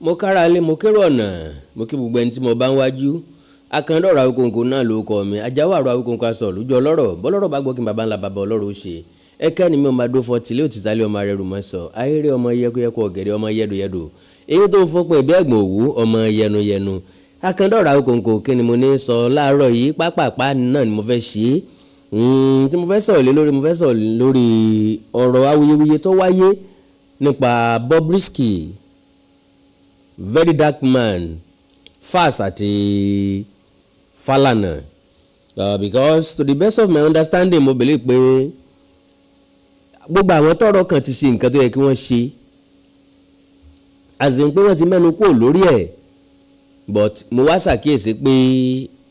mo kára lé mo kérò ọ̀nà mo kí gbogbo ẹni tí mo bá ń wájú akandọ̀rọ̀ Awíkonko náà ló kọ́ mi ajáwó àrò Awíkonko aṣọ lójú ọlọ́rọ̀ bọ́lọ́rọ̀ bá gbọ́ kí baba ńlá baba ọlọ́rọ̀ ó ṣe ẹ̀ka ni mi ò máa dó fọ tìlé òtítàlẹ́ ọmọ rẹ̀ rùmọ́ sọ ayéré ọmọ yẹkuyẹku ọ̀gẹ̀dẹ̀ ọmọ yẹdùyẹdù èyí tó fọpọ̀ ẹ̀bí ẹ̀gbọ̀n òwú ọmọ yẹnuyẹnu akandọ̀rọ̀ Awíkonko kí ni mo ní sọ láàárọ̀ yìí pápápá náà ni mo fẹ́ ṣe é hmm, tí mo fẹ́ sọ̀rọ̀ lé lórí mo fẹ́ sọ̀rọ̀ lórí ọ̀rọ̀ awuyewuye tó wáyé nípa Bobrisky very dark man Fass àti Falana uh, because to the best of my understanding mo believe pé gbogbo àwọn tọ́rọ̀ kan ti ṣe nǹkan tó yẹ kí wọ́n ṣe àzìn pé wọ́n ti mẹ́nu kúrò lórí ẹ̀ but mo wá ṣàkíyèsí pé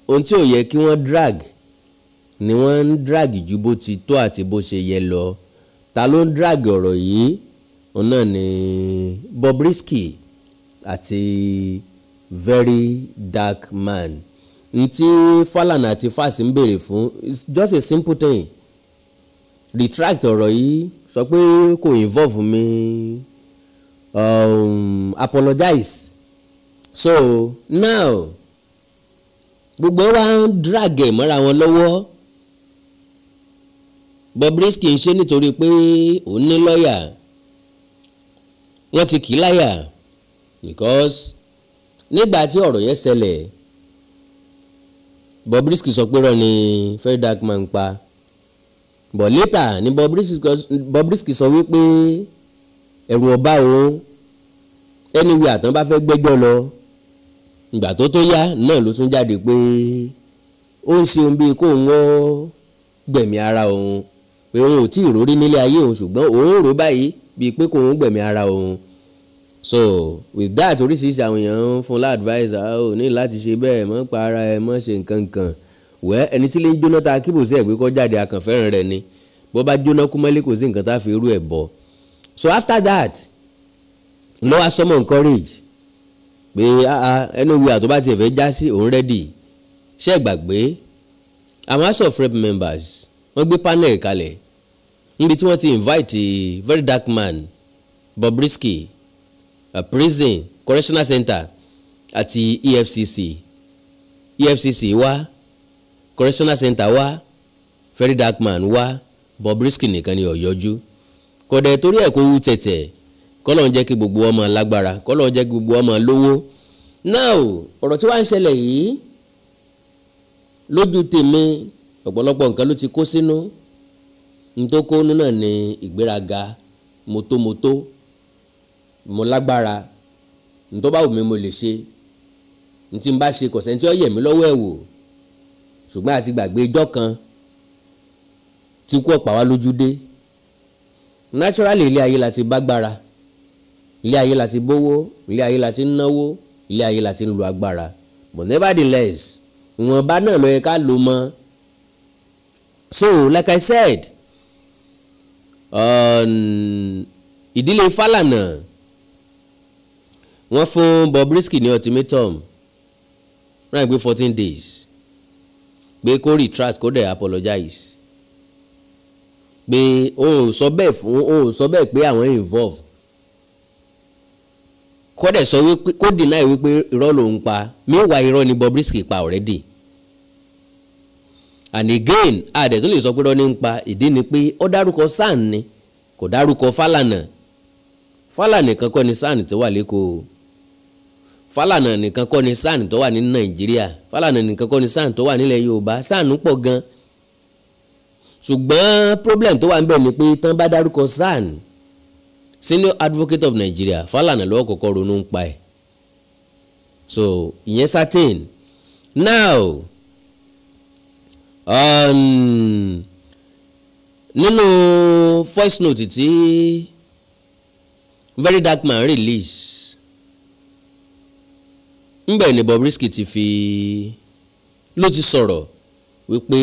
ohun tí ò yẹ kí wọ́n drag ni wọ́n ń drag ju bó ti tó àti bó ṣe yẹ lọ ta ló ń drag ọ̀rọ̀ yìí òun náà ni Bobrisky àti very dark man ntí Falana àti Fásì ń béèrè fún it's just a simple thing retract ọ̀rọ̀ yìí sọ pé kò involve mi um, apologize so now gbogbo wa ń drag ẹ̀ mọ́ra wọn lọ́wọ́ Bobrisky ń ṣe nítorí pé òun ní lọ́ọ̀yà wọ́n ti kì í láyà because nígbà tí ọ̀rọ̀ yẹn ṣẹlẹ̀ Bobrisky sọ pé rọ ni Ferdinand máa pa but later ni Bobrisky sọ wípé ẹ̀rù ọba òun ẹni wí àtàn bá fẹ́ gbẹ́jọ́ lọ ìgbà tó tó yá náà ló tún jáde pé ó ń ṣe ohun bíi kó wọ́n gbẹ̀mí ara òun pé òun ò tí ì rórí nílé ayé òun ṣùgbọ́n òun rò báyìí bíi pé kò ń gbẹ̀mí ara òun so with that oríṣiríṣi àwọn èèyàn ń fún la advisor ó ní láti ṣe bẹ́ẹ̀ mọ́ pa ara ẹ mọ́ ṣe nǹkan kan wẹ́ ẹni tí lè ń jóná ta kí bò sí ẹ̀gbẹ́ kọ́ jáde àkànfẹ́ràn rẹ̀ ni bó bá jóná kú mọ́lé kò sí nǹkan tá a fi irú ẹ̀ bọ̀ so after that lọ́wọ́ sọmọ encourage pé ẹni wíwà tó bá tiẹ̀ fẹ́ já sí òun ready ṣe gbàgbé àwọn house of rep members wọ́n gbé panel kalẹ̀ níbi tí wọ́n ti invite very dark man Bobrisky uh, prison correctional center àti efcc efcc wá correctional center wá ferry darkman wá Bobrisky nìkan ni ọ̀yọ́jú kọ̀dẹ̀ torí ẹ̀ kó wú tẹ̀tẹ̀ kọ́lọ́n jẹ́ kí gbogbo ọmọ lágbára kọ́lọ́n jẹ́ kí gbogbo ọmọ lówó náà ọ̀rọ̀ tí wàá ń ṣẹlẹ̀ yìí lójú tèmi ọ̀pọ̀lọpọ̀ nǹkan ló ti kó sínú ntòkónú náà ní ìgbéraga mọ́tòmọ́tò. Moto, moto mo lágbára ntó bá wù mí mo lè ṣe ntí n bá ṣe kọ̀sẹ̀ ntí ó yẹ̀ mí lọ́wọ́ ẹ̀ wò ṣùgbọ́n àti gbàgbé ijọ́ kan tí kú ọ̀pá wa lójú dé naturally ilé ayé la ti bá gbára ilé ayé la ti bówó ilé ayé la náwó ilé ayé la lu agbára but nevertheless ìwọ̀nba náà ló yẹ ká lò mọ́ so like I said um, ìdílé falana wọ́n fún Bobrisky ní ultimatum ráì pé fourteen days pé kó retract kó dẹ̀ apologize pé o ò sọ bẹ́ẹ̀ fún o ò sọ bẹ́ẹ̀ pé àwọn involve kó dẹ̀ sọ wípé kó deny wípé irọ́ lòun pa meanwhile irọ́ ni Bobrisky pa already and again àdẹ̀ tó lè sọ pé irọ́ ní ń pa ìdí ni pé ó dárúkọ SAN ni kò dárúkọ Fálànà Fálànà kankan ni SAN ti wà lẹ́kọ̀ọ́ Fálànà nìkan kọ́ ni SAN tó wà ní Nàìjíríà Fálànà nìkan kọ́ ni SAN tó wà nílẹ̀ Yorùbá SAN pọ̀ gan ṣùgbọ́n problem tó wà ń bẹ̀ ni pé tán bá dárúkọ SAN Senior Advocate of Nigeria Fálànà lọ́wọ́ kọ́kọ́ ronú ń pa ẹ̀ so ìyẹn certain now um, nínú First note tí Very Dark Man release ńgbà ni Bobrisky ti fi ló ti sọ̀rọ̀ wípé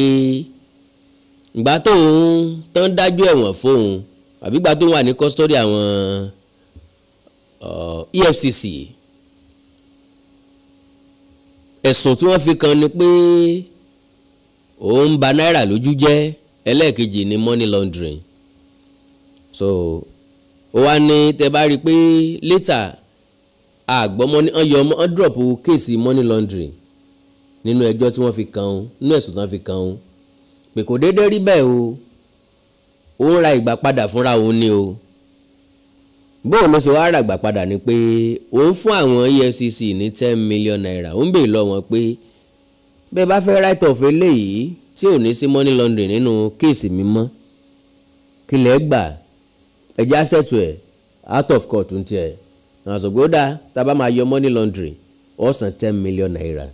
ìgbà tóun tó ń dájú ẹ̀wọ̀n fóun àbí ìgbà tóun wà ní kọ́sítọ́rì àwọn uh, EFCC ẹ̀sùn tí wọ́n fi kan ni pé òun bà náírà lójú jẹ́ ẹlẹ́ẹ̀kejì ni money laundering so ó wá ní tẹ bá rí i pé later àgbọ́mọ́ni ọyọ ọmọ ọdúrọ̀pù kéèsì money laundering nínú ẹjọ́ tí wọ́n fi kàn án nínú ẹ̀sùn tí wọ́n fi kàn án pé kò déédéé rí bẹ́ẹ̀ o ó ń ra ìgbà padà fúnra òun ni o bóun ló ṣe wá ràgbà padà ni pé òun fún àwọn EFCC ní ten million naira òun bèè lọ wọn pé bẹ́ẹ̀ bá fẹ́ right of eléyìí tí ò ní sí money laundering nínú kéèsì mi mọ́ kí gbà ẹ̀jẹ̀ àṣẹ̀tù ẹ̀ out of court ń tiẹ̀ àwọn sọ pé ó dáa tá a bá máa yọ money laundering. ó san ten million naira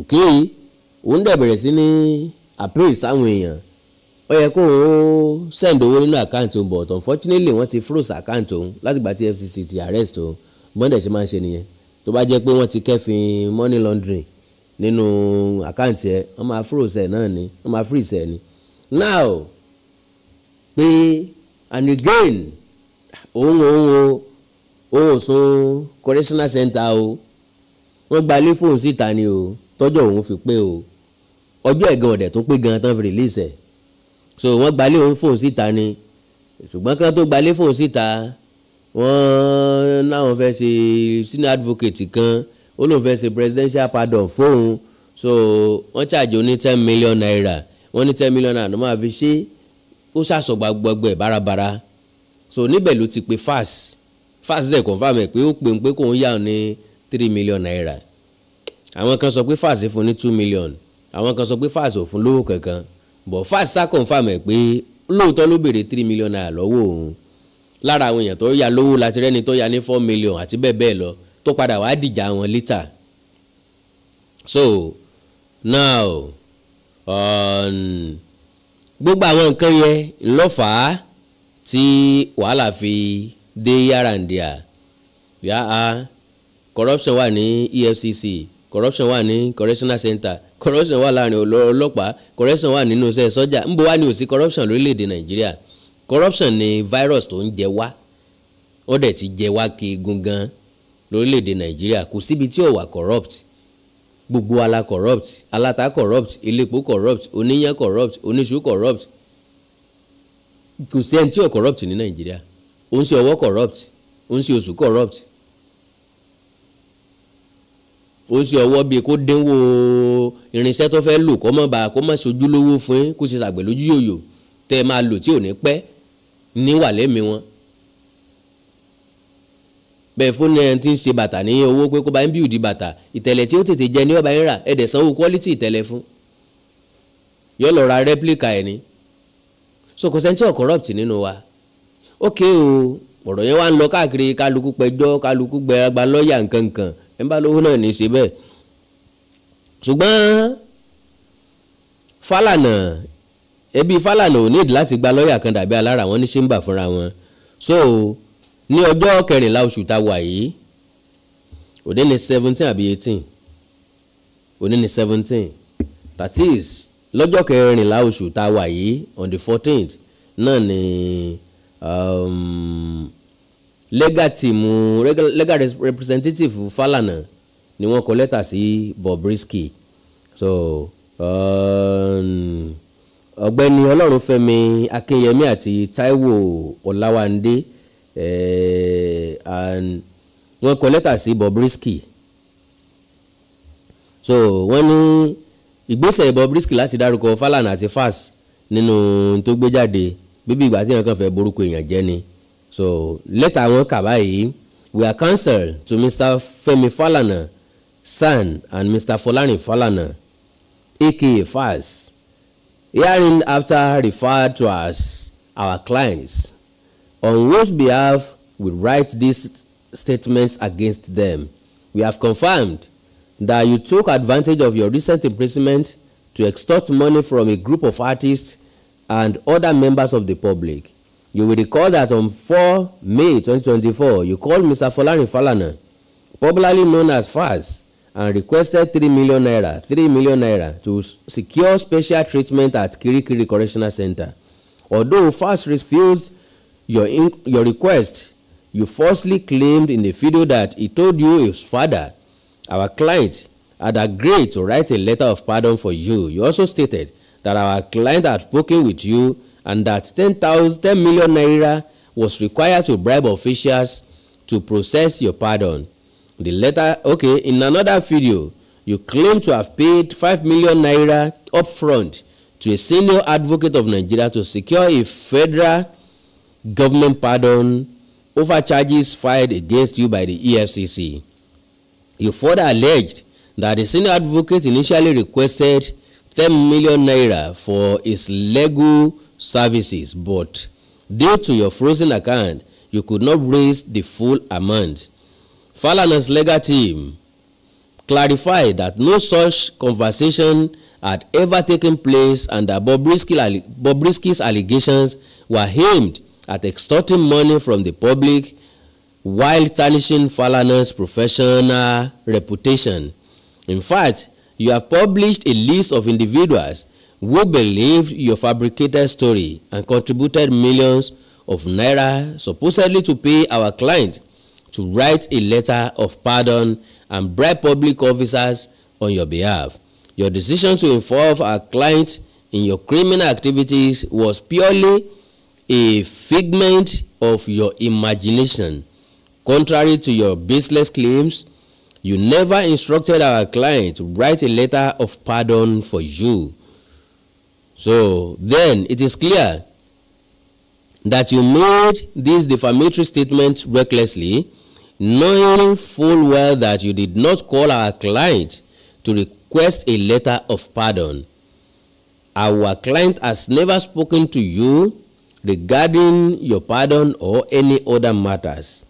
òkè yìí òun dẹ̀ bẹ̀rẹ̀ sí ní appraise sáwọn èèyàn ó yẹ kó o send owó nínú àkáǹtì òun but unfortunately wọ́n ti froze àkáǹtì òun látìgbà tí FCC ti arrest òun bọ́ndẹ̀ ṣe máa ń ṣe nìyẹn tó bá jẹ́ pé wọ́n ti kẹ́fin money laundering nínú àkáǹtì ẹ̀ wọ́n máa froze ẹ̀ náà ni wọ́n máa freeze ẹ̀ ni now pé and again òun òun o òòsùn correctional center o wọ́n gba ilé fóun síta ni o tọ́jọ́ òun fi pé o ọjọ́ ẹ̀gàn ọ̀dẹ̀ tó pé gan tán fi release ẹ̀ so wọ́n gba ilé òun fóun síta ni ṣùgbọ́n kí wọ́n tó gba ilé fóun síta wọ́n láwọn fẹ́ ṣe senior advocate kan ó lóun fẹ́ ṣe presidential pardon fóun so wọ́n ṣàjò ní ten million naira wọ́n ní ten million naira ló máa fi ṣe ó ṣàṣọ̀gbà gbọgbẹ́ bárabàra so níbẹ̀ ló ti pe fast fásitì confam ẹ̀ pé ó pè ń pé kò yà ní three million naira àwọn kan sọ pé fásitì fún ní two million àwọn kan sọ pé fásitì ò fún lówó kankan bọ̀ fásitì sá confam ẹ̀ pé lóòótọ́ ló béèrè three million naira lọ́wọ́ òun lára àwọn èèyàn tó yá lówó láti rẹ́ni tó yá ní four million àti bẹ́ẹ̀ bẹ́ẹ̀ lọ tó padà wàá dìjà wọn lítà so now um, gbogbo àwọn nǹkan yẹn ló fà á tí wàhálà fi they here ndia! ya a corruption wà ní EFCC corruption wà ní correctional center corruption wà láàrin ọlọ́pàá corruption wà nínú iṣẹ́ sọ́jà ń bọ̀ wá ní òsì corruption lórílẹ̀‐èdè nàìjíríà corruption ni virus tó ń jẹ wá ó dẹ̀ ti jẹ wá kí gungan lórílẹ̀‐èdè nàìjíríà kò síbi tí ò wà corrupt gbogbo ala corrupt ó ń ṣe ọwọ́ corrupt ó ń ṣe oṣù corrupt ó ń ṣe ọwọ́ bíi kó dínwó irinṣẹ́ tó fẹ́ lò kó mọ̀ bá kó mọ̀ sojú lówó fún yín kó ṣe ṣàgbẹ̀ lójú yòyò tẹ́ ẹ máa lò tí ò ní pẹ́ níwà lẹ́mi wọn bẹ́ẹ̀ fóònù ẹ̀ ti ń ṣe bàtà ní owó pé kó bá ń bíùdì bàtà ìtẹ̀lẹ̀ tí ó tètè jẹ ní ọba yín rà ẹ̀dẹ̀ sanwó quality ìtẹ̀lẹ̀ fún yọ lọ ra replica ẹ̀ ní so kò sẹ́ńtì ọ̀ corrupt nínú wa ókè o ọ̀rọ̀ yẹn wá ń lọ káàkiri kálukú pẹjọ́ kálukú gbẹ̀rẹ̀gba lọ́ọ̀yà nkankan ẹ̀ ń bá lówó náà ní í ṣe bẹ́ẹ̀ ṣùgbọ́n Fálànà ẹbí Fálànà ò nídìí láti gba lọ́ọ̀yà kan dàbí alára wọn ní ṣéǹbà fúnra wọn so ní ọjọ́ kẹrìnlá oṣù tá a wà yìí òde ni seventeen àbí eighteen òde ni seventeen that is lọ́jọ́ kẹrìnlá oṣù tá a wà yìí on the fourteenth náà ni um, legal team legal representative Falana ni wọ́n kọ lẹ́tà sí Bobrisky so um, ọ̀gbẹ́ni um, Ọlọ́runfẹ́mi Akínyẹmí àti Táíwò Ọláwándé eh, wọ́n kọ lẹ́tà sí Bobrisky so wọ́n ní ìgbésẹ̀ Bobrisky láti dárúkọ Falana àti fas nínú tó gbé jáde bíbí ìgbà tí èèyàn kàn fẹ́ borúkọ èèyàn jẹ́ ni so lẹ́tà àwọn kà báyìí we are counsel to Mr. Femi Falana son and Mr. Folarin Falana aka Fas. hearing after referred to as our clients on whose behalf we write these statements against them we have confirmed that you took advantage of your recent imprisonment to extort money from a group of artists and other members of the public. You will recall that on 4 May 2024, you called Mr. Folarin Falana, popularly known as FAS, and requested 3 million naira 3 million naira to secure special treatment at Kirikiri Correctional Center. Although FAS refused your, your request, you falsely claimed in the video that he told you his father, our client, had agreed to write a letter of pardon for you. You also stated that our client had spoken with you and that 10,000 10 million naira was required to bribe officials to process your pardon. The letter, okay, in another video, you claim to have paid 5 million naira upfront to a senior advocate of Nigeria to secure a federal government pardon over charges filed against you by the EFCC. You further alleged that the senior advocate initially requested ten million naira for his legal services but due to your frozen account you could not raise the full amount. Falana's legal team clarified that no such conversation had ever taken place and that Bobrisky's allegations were aimed at extorting money from the public while tarnishing Falana's professional reputation. In fact, you have published a list of individuals who believed your fabricated story and contributed millions of naira supposedly to pay our client to write a letter of pardon and bribe public officers on your behalf. Your decision to involve our client in your criminal activities was purely a figment of your imagination. Contrary to your baseless claims, You never instructed our client to write a letter of pardon for you. So then it is clear that you made this defamatory statement recklessly, knowing full well that you did not call our client to request a letter of pardon. Our client has never spoken to you regarding your pardon or any other matters.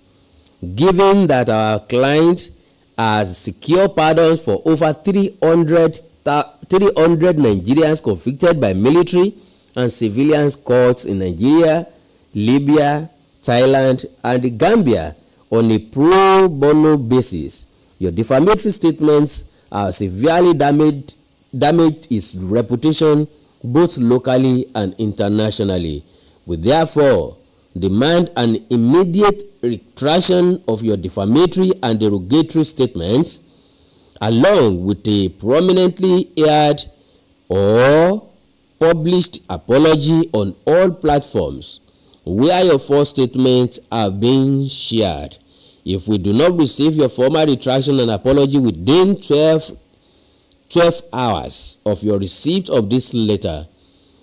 Given that our client has secured pardons for over 300, 300 Nigerians convicted by military and civilian courts in Nigeria, Libya, Thailand, and Gambia on a pro bono basis. Your defamatory statements have severely damaged, damaged its reputation both locally and internationally. We therefore demand an immediate retraction of your defamatory and derogatory statements along with a prominently aired or published apology on all platforms where your false statements have been shared. If we do not receive your formal retraction and apology within 12, 12 hours of your receipt of this letter,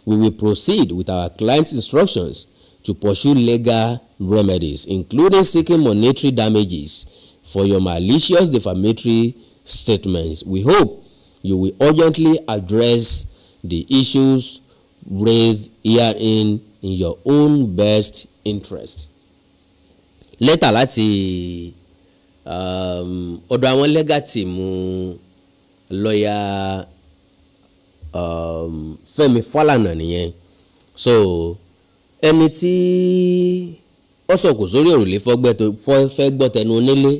we will proceed with our client's instructions to pursue legal remedies, including seeking monetary damages for your malicious defamatory statements. We hope you will urgently address the issues raised herein in your own best interest. lẹ́tà láti um, ọ̀dọ̀ um, àwọn legal team lọ́ọ̀yà um, Fẹ́mi Fálànà nìyẹn so ẹni tí ó sọ̀kò sórí òrùlé fẹ́ gbọ́ tẹnu onílé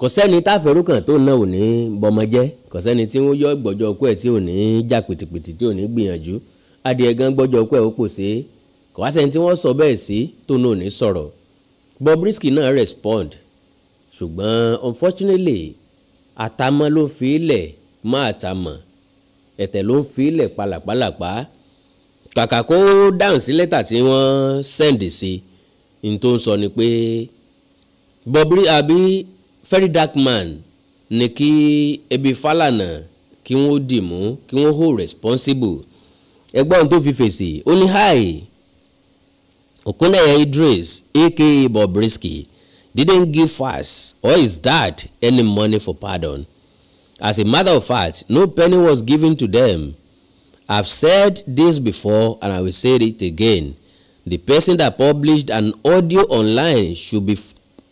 kò sẹ́ni táfẹ́rú kan tó náà ò ní bọmọjẹ́ kò sẹ́ni tí wọ́n yọ gbọ́jọ́ ọkọ ẹ̀ tí ò ní já pìtìpìtì tí ò ní gbìyànjú adìẹ gan gbọ́jọ́ ọkọ ẹ̀ ó pò sí kò wá sẹ́ni tí wọ́n sọ bẹ́ẹ̀ sí tó náà ò ní sọ̀rọ̀ Bobrisky náà respond ṣùgbọ́n unfortunately àtàmọ́ ló fi ilẹ̀ má àtàmọ́ ẹ̀tẹ̀ ló ń fi ilẹ̀ palàpalàpá. Pa, kàkà kó dáhùn sí lẹ́tà tí wọ́n sẹ́ǹdì sí n tó ń sọ ni pé Bobri Abi, very dark man ni kí ebi Falana kí wọ́n dì mú kí wọ́n hold responsible ẹgbọ́n tó fi fèsì ó ní hi Okuneye Idris aka Bobrisky didn't give Falz or his dad any money for pardon as a matter of fact no penny was given to them I've said this before and I will say it again. The person that published an audio online should be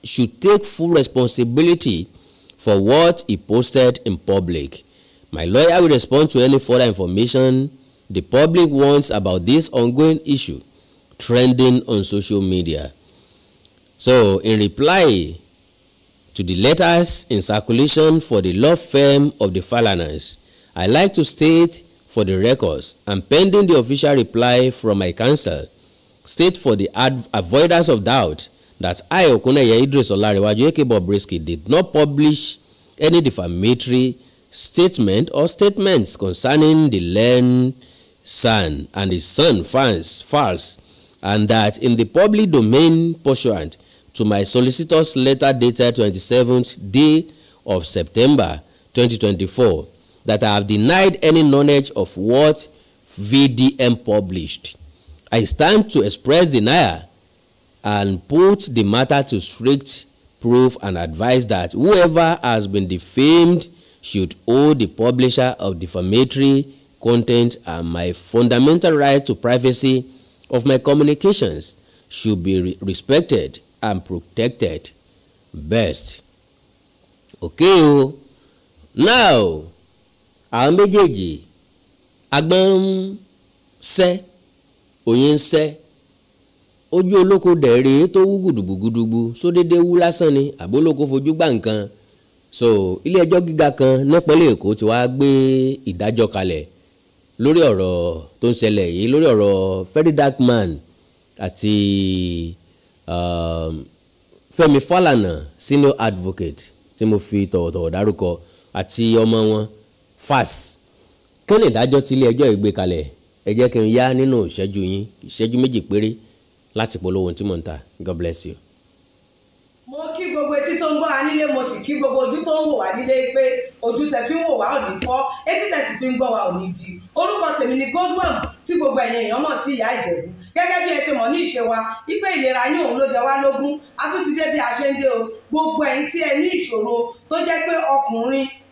should take full responsibility for what he posted in public. My lawyer will respond to any further information the public wants about this ongoing issue trending on social media. So, in reply to the letters in circulation for the law firm of the Falaners, I like to state for the records and pending the official reply from my counsel state for the avoidance of doubt that I Okuneye Idris Olarewaju aka Bobrisky did not publish any defamatory statement or statements concerning the learned son and his son fans false and that in the public domain pursuant to my solicitor's letter dated twenty seventh day of September twenty twenty four. that I have denied any knowledge of what VDM published. I stand to express denial and put the matter to strict proof and advise that whoever has been defamed should owe the publisher of defamatory content and my fundamental right to privacy of my communications should be re respected and protected best. Okay, oh. now àwọn méjèèjì agbọ́n ń sẹ́ oyin ń sẹ́ ojú olóko dẹ̀rẹ́ tó wú gùdùgbùgùdùgbù sódédé wú lásán ni àbólóko fojú gbà nǹkan so ilé ẹjọ́ gíga kan nípínlẹ̀ èkó ti wá gbé ìdájọ́ kalẹ̀ lórí ọ̀rọ̀ tó ń ṣẹlẹ̀ yìí lórí ọ̀rọ̀ Very Dark Man àti um, Fẹ́mi senior advocate tí mo fi tọ̀wọ̀tọ̀wọ̀ dárúkọ àti ọmọ wọn fas kí ni ìdájọ́ tí ilé ẹjọ́ ìgbé kalẹ̀ ẹ jẹ́ kí n yá nínú ìṣẹ́jú yín ìṣẹ́jú méjì péré láti polówó tí mò ń ta god bless you. mo kí gbogbo etí tó ń gbọ́ wa nílé mo sì kí gbogbo ojú tó ń wò wá nílé pé ojú tẹ fi ń wò wá ò fọ́ etí tẹ sì fi ń gbọ́ wa ò ní di orúkọ tèmi ni Godwin tí gbogbo ẹ̀yin èèyàn mọ̀ sí ìyá Ìjẹ̀bú gẹ́gẹ́ bí ẹ ṣe mọ̀ ní ìṣe wa wípé ìlera yín òun ló jẹ wá lógún a tún ti dé bí a ṣe ń dé o gbogbo ẹ̀yin tí ẹ ní ìṣòro tó jẹ́ pé ọkùnrin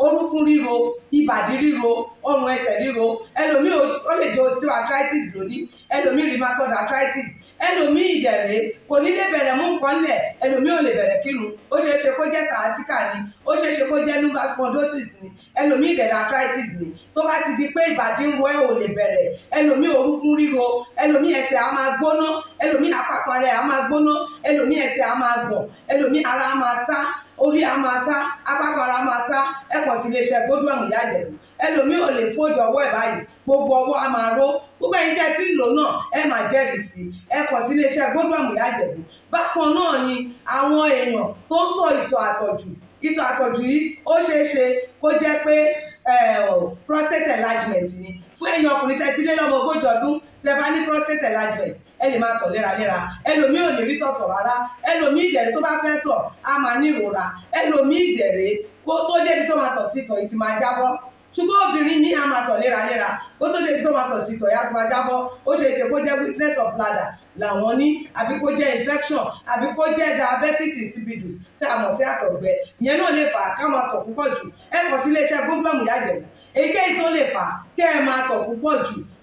orúnkún ríro ìbàdí ríro ọrùn ẹsẹ̀ ríro ẹlòmíì ó lè jẹ́ osteoarthritis lónìí ẹlòmíì rheumatoid arthritis ẹlòmíì ìdẹ̀rẹ̀ kò ní lè bẹ̀rẹ̀ mú nǹkan lẹ̀ ẹlòmíì ò lè bẹ̀rẹ̀ kírun ó ṣeé ṣe kó jẹ́ sciatica ni ó ṣeé ṣe kó jẹ́ lumbar ni ẹlòmíì ìdẹ̀rẹ̀ arthritis ni tó bá ti di pé ìbàdí ń wọ ẹ̀ ò lè bẹ̀rẹ̀ ẹlòmíì orúnkún ríro ẹlòmíì ẹsẹ̀ á máa gbóná ẹlòmíì àpapọ̀ rẹ̀ á máa gbóná ẹlòmíì ẹsẹ̀ á máa gbọ̀n ẹlòmíì ara á máa tá orí a máa ta apákọ̀ọ́ra máa ta ẹ pọ̀ sí iléeṣẹ́ gbódúrà ìyá ìjẹ̀bù ẹlòmíì ò lè fojú ọwọ́ ẹ̀ báyìí gbogbo ọwọ́ a máa ró gbogbo ẹ̀yin tẹ́ ti ń lò náà ẹ máa jẹ́rìí sí ẹ pọ̀ sí iléeṣẹ́ gbódúrà ìyá ìjẹ̀bù bákan náà ni àwọn èèyàn tó ń tọ̀ ìtọ̀ àtọ̀jù ìtọ̀ àtọ̀jù yìí ó ṣeé ṣe kó jẹ́ pé prostate enlargement ni fún ẹ̀yin ọkùnrin tẹ́ ti lé lọ́mọ ogójì ọdún tẹ́ bá ní prostate enlargement ẹ lè máa tọ̀ léraléra ẹlòmíì ò ní rí tọ̀tọ̀ rárá ẹlòmíì ìdẹ̀rẹ̀ tó bá fẹ́ tọ̀ á máa ní ìrora ẹlòmíì ìdẹ̀rẹ̀ kó tó débi tó máa tọ̀ sí tọ̀ ìtì máa jábọ́ ṣùgbọ́n obìnrin ní a máa tọ̀ léraléra ó tó débi tó máa tọ̀ sí tọ̀ ìyá ti máa jábọ́ ó ṣe é ṣe kó jẹ́ weakness of bladder làwọn ní àbí kó jẹ́ infection àbí kó jẹ́ diabetes insipidus tí a mọ̀ sí àtọ̀gbẹ ìyẹn náà lè fà ká máa tọ̀ púpọ̀ jù ẹ kàn sí iléeṣẹ́ gómìnà ìyá àjẹmọ́ èyíkéyìí tó lè fà kẹ́ ẹ máa tọ̀ púpọ̀ jù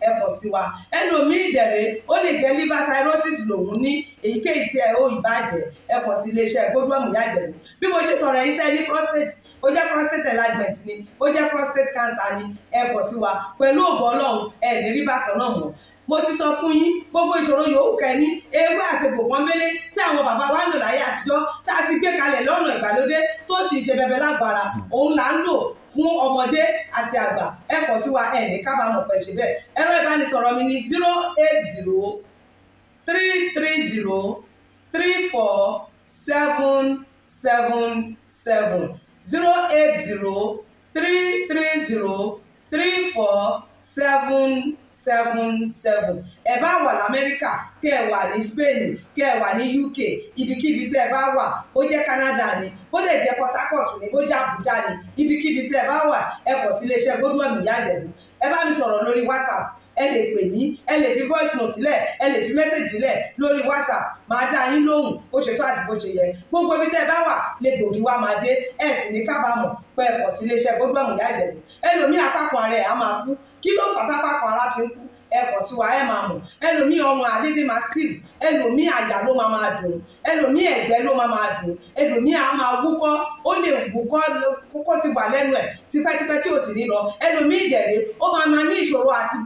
ẹ kàn sí wa ẹlòmíì ìdẹ̀rẹ̀ ó lè jẹ́ liver cirrhosis lòun ní èyíkéyìí tí ẹ ó ìbàjẹ́ ẹ kàn sí iléeṣẹ́ gbódúọ̀mù yájẹ̀mú bí mo ṣe sọ̀rọ̀ yìí tẹ́ prostate ó jẹ́ prostate enlargement ni ó jẹ́ prostate cancer ni ẹ kàn sí wa pẹ̀lú ògbọ́ ọlọ́run ẹ ní rí bákan náà mọ́ mo ti sọ fún yín gbogbo ìṣòro yòówù kẹ́ni ewé àti gbòǹkan mélé tí àwọn bàbá wa ń lò láyé àtijọ́ tá a ti gbé kalẹ̀ lọ́nà ìgbàlódé tó sì ṣe bẹbẹ lágbára òun là ń lò fún ọmọdé àti àgbà ẹ kọ sí wa ẹ ní kábàámọ̀ pẹ̀ ṣe bẹ́ẹ̀ ẹ̀rọ ìbánisọ̀rọ̀ mi ni zero eight zero three three zero three four seven seven seven zero eight zero three three zero three four seven seven seven ẹ bá wà lamẹ́ríkà kẹ́ wà ní spain kẹ́ ẹ wà ní uk ibikíbi tẹ́ ẹ bá wà bó jẹ́ canada ni bó dẹ̀ jẹ́ port harcourt ni bó jẹ́ abuja ni ibikíbi tẹ́ ẹ bá wà ẹ kọ̀ sí iléeṣẹ́ gbódúọ̀mù ìyá àjẹ̀bù ẹ bá mi sọ̀rọ̀ lórí whatsapp ẹ lè pè mí ẹ lè fi voice note lẹ̀ ẹ lè fi message lẹ̀ lórí whatsapp màá dá yín lóhùn bó ṣe tó àti bó ṣe yẹ gbogbo ibi tẹ́ ẹ bá wà lè gbòógì wá máa dé ẹ sì ní kábàámọ̀ pé ẹ kàn sí iléeṣẹ́ gbogbo àmúyá ìjẹ̀bù ẹlòmíì apákan ara ẹ̀ á máa kú kí ló ń fàtà apákan ara fi ń kú ẹ kàn wa ẹ máa mọ̀ ẹlòmíì ọrùn àdídì máa steve ẹlòmíì àyà ló máa máa dùn ma ẹ̀gbẹ́ ló máa máa dùn ẹlòmíì á máa wúkọ́ ó lè kókó ti wà lẹ́nu ẹ̀ tipẹ́tipẹ́ tí ò sì ní lọ ẹlòmíì ìjẹ̀rẹ̀ ó máa máa ní ìṣòro àti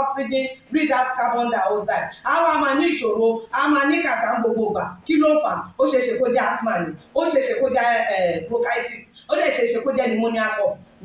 oxygen breathe out carbon dioxide wá máa ní ìṣòro máa ní kàtà ń bronchitis ó lè pneumonia cough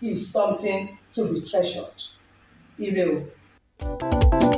is something to be treasured. Ire o.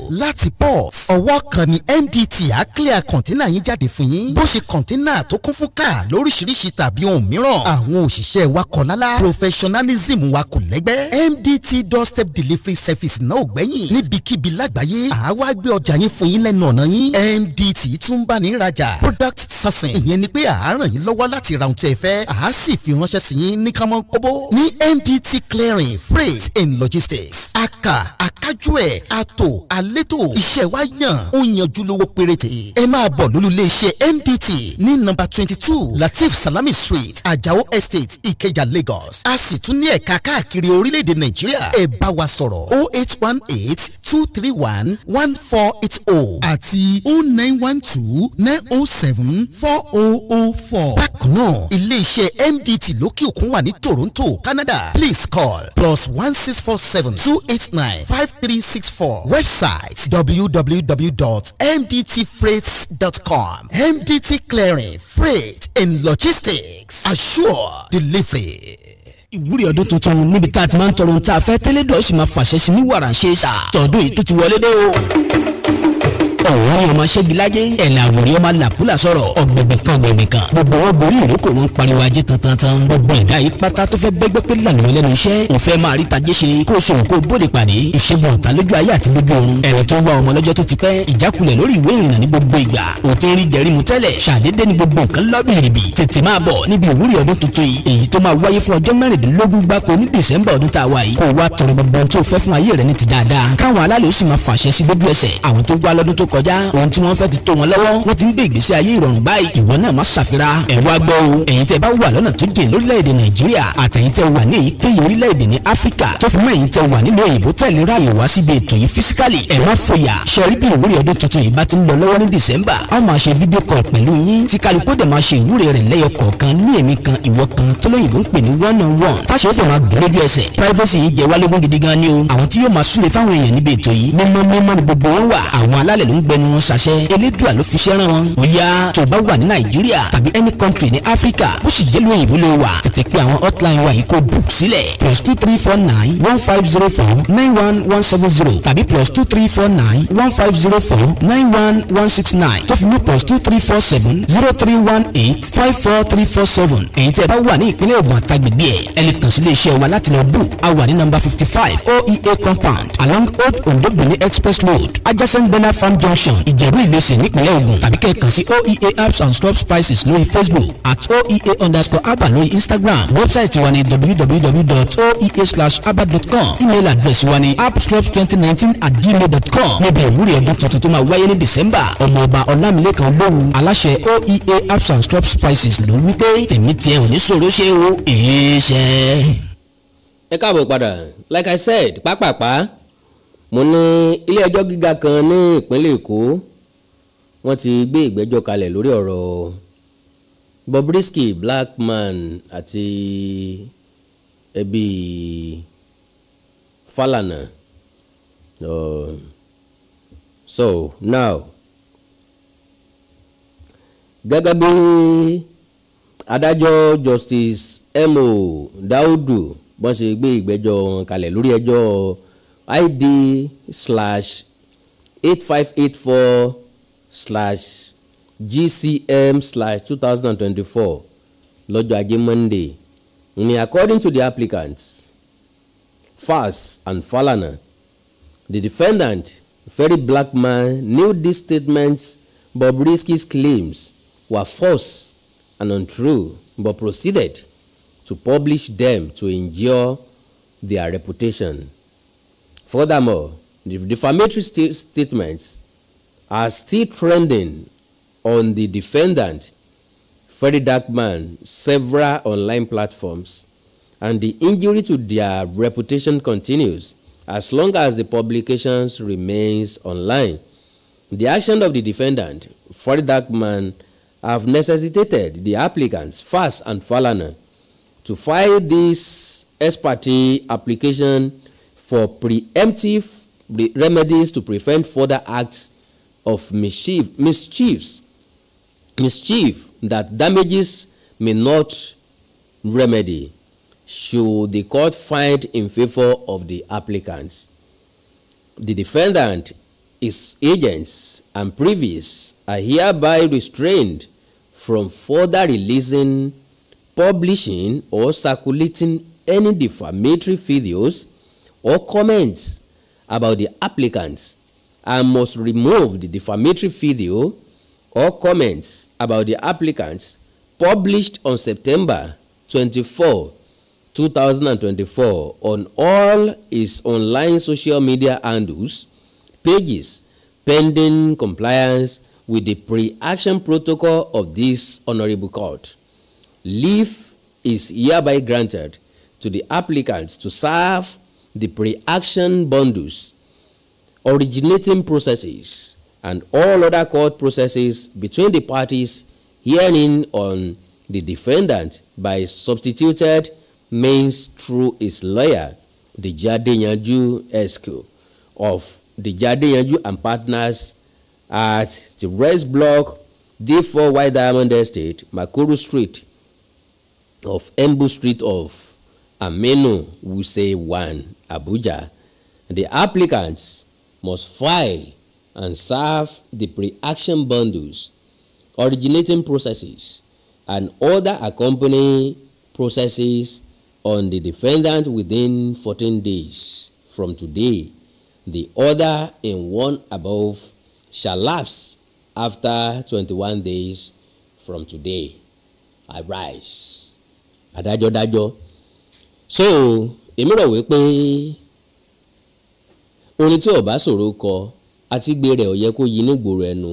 láti port ọwọ́ kan ni MDT á clear kọ̀ńténà yín jáde fún yín bó ṣe kọ̀ńténà tó kún fún káà lóríṣiríṣi tàbí ohun mìíràn àwọn òṣìṣẹ́ wa kọ̀ lálá professionalism wa kò lẹ́gbẹ́ MDT doorstep delivery service náà ò gbẹ́yìn níbikíbi lágbàáyé àwa gbé ọjà yín fún yín lẹ́nu ọ̀nà yín MDT tún bá ní ìrajà product sourcing ìyẹn ni pé à á ràn yín lọ́wọ́ láti ra ohun tí ẹ fẹ́ à á sì fi ránṣẹ́ sí yín ní kánmọ́ kóbó ní MDT clearing freight and logistics aka akájú ẹ̀ ato alẹ́ létò iṣẹ́ wa yàn ó yanjú lówó péréte ẹ máa bọ̀ lólulẹ̀ iṣẹ́ MDT ní nọ́mbà twenty two Latif Salami Street Ajao Estate Ikeja Lagos a sì tún ní ẹ̀ka káàkiri orílẹ̀-èdè Nàìjíríà ẹ bá wa sọ̀rọ̀ o oh eight one eight two three one one four eight O. Oh àti o oh nine one two nine o seven four o o four. bákan náà ilé-iṣẹ́ MDT lókè òkun wà ní Toronto Canada please call plus one six four seven two eight nine five three six four website website www.mdtfreights.com. MDT Clearing Freight and Logistics Assure Delivery. ìwúrí ọdún tuntun níbi tá a ti máa ń tọrọ ohun tá a fẹ́ tẹ́lẹ̀dọ́ sì máa fàṣẹ sí ní wàrà ṣe é sà tọdún yìí tó ti wọlé dé o ọ̀wọ́n ni ọmọ ṣẹ́gilájẹ́ ẹ̀là àwòrán ọmọ làkúlà sọ̀rọ̀ ọ̀gbẹ̀gbẹ̀ kan ọ̀gbẹ̀gbẹ̀ kan gbogbo wọn gorí ìrókò wọn pariwo ajé tantan gbogbo ẹ̀dá yìí pátá tó fẹ́ gbẹ́gbẹ́ pé lànà lẹ́nu iṣẹ́ ò fẹ́ máa rí tajé ṣe kó o sòrò kó o bóde pàdé ìṣègùn ọ̀tá lójú ayé àti lójú ọ̀run ẹ̀rẹ̀ tó wá ọmọ lọ́jọ́ tó ti pẹ́ ìjákulẹ̀ lórí ìwé ìrìnnà ní gbogbo ìgbà ò ti ń rí jẹ̀rí mu tẹ́lẹ̀ ṣàdédé ni gbogbo nǹkan lọ́bìrìbì tètè máa bọ̀ níbi ìwúrí ọdún tuntun yìí èyí tó máa wáyé fún ọjọ́ mẹ́rìndínlógún gbáko ní dẹ̀sẹ̀mbà ọdún tá a wá yìí kó o wá tọrọ gbọ̀ngbọ̀n tó fẹ́ fún ayé rẹ̀ ní ti dáadáa káwọn alálẹ̀ ó sì máa fàṣẹ sí lójú ẹsẹ̀ àwọn tó wá lọ́dún tó kọjá ohun tí wọ́n fẹ́ ti tó wọn lọ́wọ́ wọ́n ti ń gbé ìgbésí ayé ìrọ̀rùn báyìí ìwọ náà má ṣàfira ẹ̀ wá gbọ́ o ẹ̀yin tẹ́ bá wà lọ́nà tó jìn lórílẹ̀‐èdè nàìjíríà àtẹ̀yin tẹ́ wà ní èyíkéyìí orílẹ̀‐èdè ní áfíríkà tó fi mọ́ ẹ̀yin tẹ́ wà nílùú òyìnbó tẹ̀lé ráàyè wá síbi ètò yìí físíkàlì ẹ̀ má fòyà ṣẹ́rí bí ìwúrí ọdún tuntun yìí bá ti ń lọ lọ́wọ́ ní dìsẹ́mbà a máa ṣe fídíò kan pẹ̀lú yín tí kálukú máa ṣe ìwúrí rẹ̀ lẹ́yọ kọ̀ọ̀kan ní èmi kan ìwọ kan tó lóyìnbó ń pè ní one on one táṣe ó dẹ̀ máa gbọ́ lójú ẹsẹ̀ privacy yìí jẹ́ wálógún gidi gan ni o àwọn tí yóò máa súre fáwọn èèyàn níbi ètò yìí mímọ́ mímọ́ ni gbogbo wọn wà àwọn alálẹ̀ ló ń gbẹnu wọn ṣàṣẹ elédùà ló fi ṣẹ́ràn wọn ó yá tó bá wà ní nàìjíríà tàbí any country ní áfíríkà bó sì jẹ́ lóyìn ìbò wà tètè pé àwọn hotline wa yìí kó book sílẹ̀ plus two three four nine one five zero four nine one one seven zero tàbí plus two three four nine one five zero four nine one one six nine tó fi mú plus two three four seven zero three one eight five four three four seven èyí tẹ́ bá wà ní ìpínlẹ̀ Ògùn àtàgbègbè ẹ̀ ẹ lè kàn sí iléeṣẹ́ wa láti lọ bù a wà ní nọ́mbà fifty five oea compound along old ondo benin express road adjacent benin farm junction junction ìjẹ̀bú ìlẹsẹ̀ nípínlẹ̀ Ògùn tàbí kẹ́ẹ̀kan sí oea apps and stop spices lórí facebook at oea underscore aba lórí instagram wẹ́bsáìtì wa ni www.oea/aba.com email address wa ni appstrops2019 at gmail.com níbi ìwúrí ọdún tuntun tó máa wáyé ní december ọmọọba ọlámilẹ́kan olóhùn aláṣẹ oea apps and stop spices ló wí pé tèmi tiẹ̀ ò ní ṣòro ṣe o èé ṣe. ẹ káàbọ̀ padà like i said pápápá. Pa, pa, pa mo ní ilé ẹjọ́ gíga kan ní ìpínlẹ̀ èkó wọ́n ti gbé ìgbẹ́jọ́ kalẹ̀ lórí ọ̀rọ̀ Bobrisky Blackman àti ẹbí Falana uh, so now gẹ́gẹ́ bí adájọ́ Justice M.O. Daudu bọ́n ṣe gbé ìgbẹ́jọ́ wọn kalẹ̀ lórí ẹjọ́ ọ̀rọ̀ id slash eight five eight four slash gcm slash two thousand and twenty-four lọ́jọ́ ajé monday ni according to the applicants Fass and Falana the defendant very black man, knew these statements but Bobrisky's claims were false and untrue but proceeded to publish them to injure their reputation. Furthermore, the defamatory st statements are still trending on the defendant, Freddie Darkman, several online platforms, and the injury to their reputation continues as long as the publications remains online. The action of the defendant, Freddie Darkman, have necessitated the applicants, Fass and Falana, to file this Party application for preemptive remedies to prevent further acts of mischief, mischiefs, mischief that damages may not remedy should the court find in favor of the applicants. The defendant, his agents, and privies are hereby restrained from further releasing, publishing, or circulating any defamatory videos or comments about the applicants and must remove the defamatory video or comments about the applicants published on September 24, 2024 on all its online social media handles, pages pending compliance with the pre-action protocol of this honorable court. Leave is hereby granted to the applicants to serve the pre-action bundles, originating processes, and all other court processes between the parties hearing on the defendant by substituted means through his lawyer, the Jadeyanju Esco of the Jadeyanju and partners at the Rest Block, D4 White Diamond Estate, Makuru Street of Embu Street of Aminu Wuse 1, Abuja, the applicants must file and serve the pre-action bundles, originating processes, and other accompanying processes on the defendant within 14 days from today. The order in one above shall lapse after 21 days from today. I rise. Adájọ́ dájọ́ so èmi rò wípé orin tí ọba ṣòro kọ àti gbé rẹ̀ ó yẹ kó yí nígboro ẹnu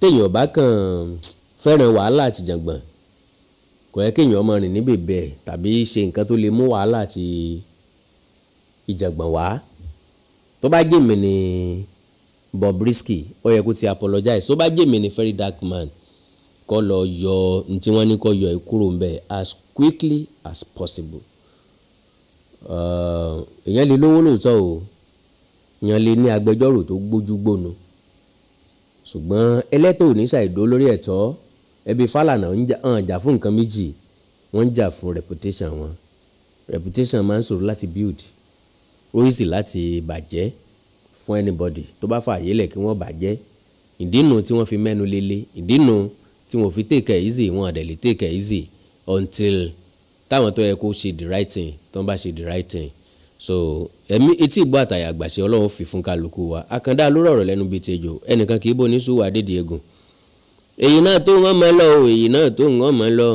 téèyàn ọba kàn fẹ́ràn wàhálà àti jàngbọ̀n kò yẹ kéèyàn ọmọ rìn níbẹ̀ bẹ́ẹ̀ tàbí ṣe nǹkan tó lè mú wàhálà àti ìjàngbọ̀n wá tó bá jèmi ni Bobrisky ó yẹ kó ti apologize tó bá jèmi ni Ferry Darkman kó lọ yọ ní tí wọ́n ní kó yọ ìkúrò ń bẹ̀ Ask quickly as possible. èèyàn uh, lè lówó lóòótọ́ o èèyàn lè ní agbẹjọ́rò tó gbójú gbónu ṣùgbọ́n ẹlẹ́tọ̀ ò ní ṣàìdó lórí ẹ̀tọ́ ẹbí Fálànà ń jà fún nǹkan méjì wọ́n ń jà fún reputation wọn reputation máa ń ṣòro láti build ó yìí sì láti bàjẹ́ fún anybody tó bá fààyè lẹ̀ kí wọ́n bàjẹ́ ìdínú tí wọ́n fi mẹ́nu lélẹ̀ ìdínú tí wọ́n fi take it easy wọ́n àdẹ̀lẹ̀ take it easy until táwọn tó yẹ kó ṣe the right thing tó ń bá ṣe the right thing so ẹ̀mí etí ìgbọ́ àtàyà àgbàṣe ọlọ́run fi fún kálukú wa àkàndá lórí ọ̀rọ̀ lẹ́nu bíi tejò ẹnìkan kì í bò ní sùúrù àdédìí egun èyí náà tó wọ́n mọ́ lọ o èyí náà tó wọ́n mọ́ lọ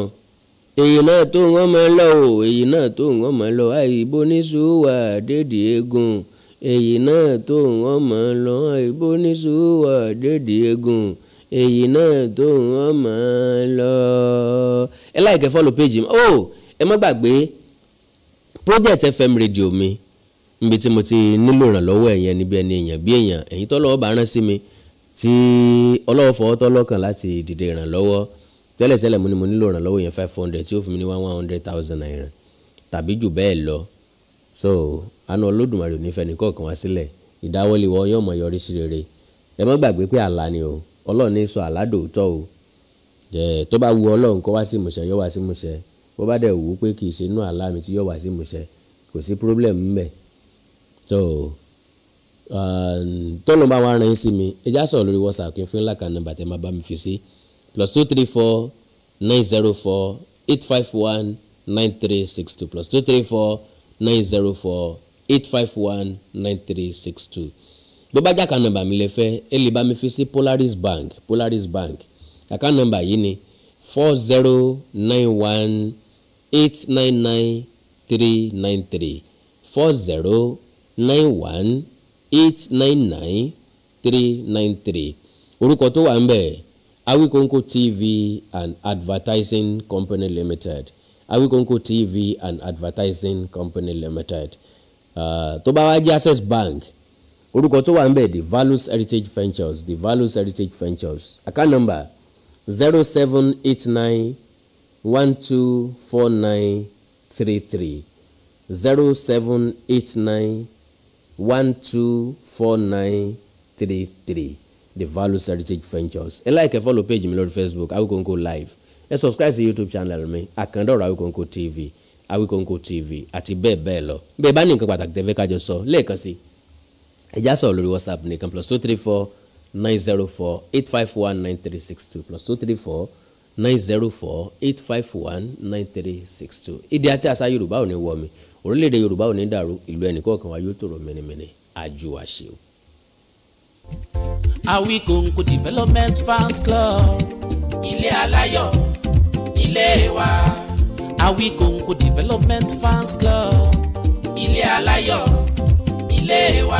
èyí náà tó wọ́n mọ́ lọ o èyí náà tó wọ́n mọ́ lọ àìbò ní sùúrù àdédìí egun èyí náà tó wọ́n mọ́ lọ àìbò ní sùúrù àdédìí egun èyí náà tó wọ́n mọ́ lọ. elaike like ẹ mi oh ẹ project fm radio mi níbi tí mo ti nílò ìrànlọ́wọ́ ẹ̀yẹn níbi ẹni èèyàn bí èèyàn èyí tọ́lọ́wọ́ bá rán sí mi tí ọlọ́wọ́ fọwọ́ tọ́lọ́kàn láti dìde ìrànlọ́wọ́ tẹ́lẹ̀tẹ́lẹ̀ mo ní mo nílò ìrànlọ́wọ́ yẹn five hundred tí ó fún mi ní one tàbí jù bẹ́ẹ̀ lọ so àánú Olódùmarè ò ní fẹ́ni kọ̀ọ̀kan wá sílẹ̀ ìdáwọ́lé wọn yọrí sí tó bá wu ọlọ́run kó wá sí ìmúṣẹ yóò wá sí ìmúṣẹ bó bá dẹ̀ wù ú pé kì í ṣe inú àlá mi tí yóò wá sí ìmúṣẹ kò sí problem mbẹ tó tọ́nà bá wà rìn sí mi ẹ já sọ̀rọ̀ lórí whatsapp kí n fún ìlàkà nọ́mbà tẹ́ máa bá mi fi sí plus two three four nine zero four eight five one nine three six two plus two three four nine zero four eight five one nine three six two bó bá jákà nọ́mbà mi lè fẹ́ ẹ lè bá mi fi sí Polaris Bank Polaris Bank account number yìí ni four zero nine one eight nine nine three nine three four zero nine one eight nine nine three nine three orúkọ tó wà ń bẹ̀ awikonko tv and advertising company limited awikonko tv and advertising company limited uh, tó bá wá jẹ́ access bank orúkọ tó wà ń bẹ̀ the values heritage ventures the values heritage ventures account number zero seven eight nine one two four nine three three zero seven eight nine one two four nine three three the values heritage ventures ẹ like ẹ follow page mi lórí facebook awikonko live ẹ subscribe sí youtube channel mi àkàndọ̀rọ̀ awikonko tv awikonko tv àti bẹ́ẹ̀ bẹ́ẹ̀ lọ bẹ́ẹ̀ bá ní nǹkan pàtàkì tẹ́fẹ́ kájọ sọ lẹ́ẹ̀kan sí ẹ̀já sọ̀rọ̀ lórí whatsapp nìkan plus two three four nine zero four eight five one nine three six two plus two three four nine zero four eight five one nine three six two. ìdí àti àṣà yorùbá ò ní wọ mi orílẹ̀-èdè yorùbá ò ní dàrú ìlú ẹnìkọ̀ọ̀kan wa yóò tòrò mẹ́nìmẹ́nì àjò àṣẹ o. Awikonko development fans club ilé aláyọ̀ ilé wa. Awikonko development fans club ilé aláyọ̀ ilé wa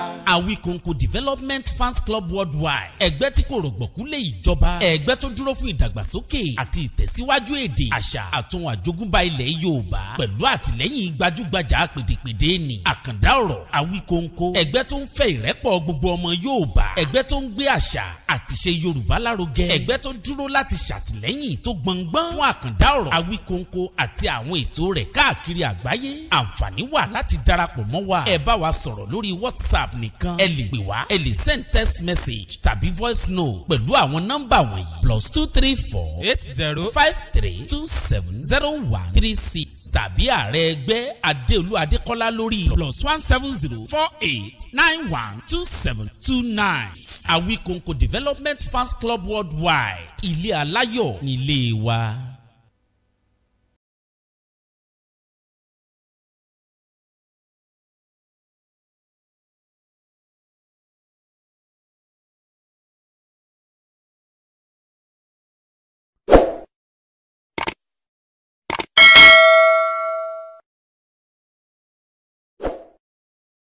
Awikonko Development Fans Club Worldwide ẹgbẹ́ tí kò rọ̀gbọ̀kú lé ìjọba ẹgbẹ́ tó dúró fún ìdàgbàsókè àti ìtẹ̀síwájú èdè àṣà àtúnwò àjogúnbá ilẹ̀ Yorùbá pẹ̀lú àtìlẹ́yìn gbajúgbajà pèdèpèdè ni àkàndá ọ̀rọ̀ àwíkóńkó ẹgbẹ́ tó ń fẹ́ ìrẹ́pọ̀ gbogbo ọmọ Yorùbá ẹgbẹ́ tó ń gbé àṣà àtìṣe Yorùbá lárugẹ ẹgbẹ́ tó dúró láti ṣàtìlẹ́yìn tó gbọ̀ngbọ́n fún àkàndá ọ̀rọ̀ àwíkóńkó àti àwọn ètò rẹ̀ káàkiri àgbáyé àǹfààní wà láti darapọ̀ mọ́ wa ẹ bá wa sọ̀rọ̀ lórí WhatsApp nìkan ẹ lè pè wá ẹ lè send text message tàbí voice note pẹ̀lú àwọn nọ́mbà wọ̀nyí plus two three four eight zero five three two seven zero one three six tàbí ààrẹ ẹgbẹ́ Adéolú Adékọ́lá lórí plus plus one seven zero four eight nine one two seven two nine. Àwíkòǹkò Development Fans Club Worldwide ilé aláyọ̀ nílé wa.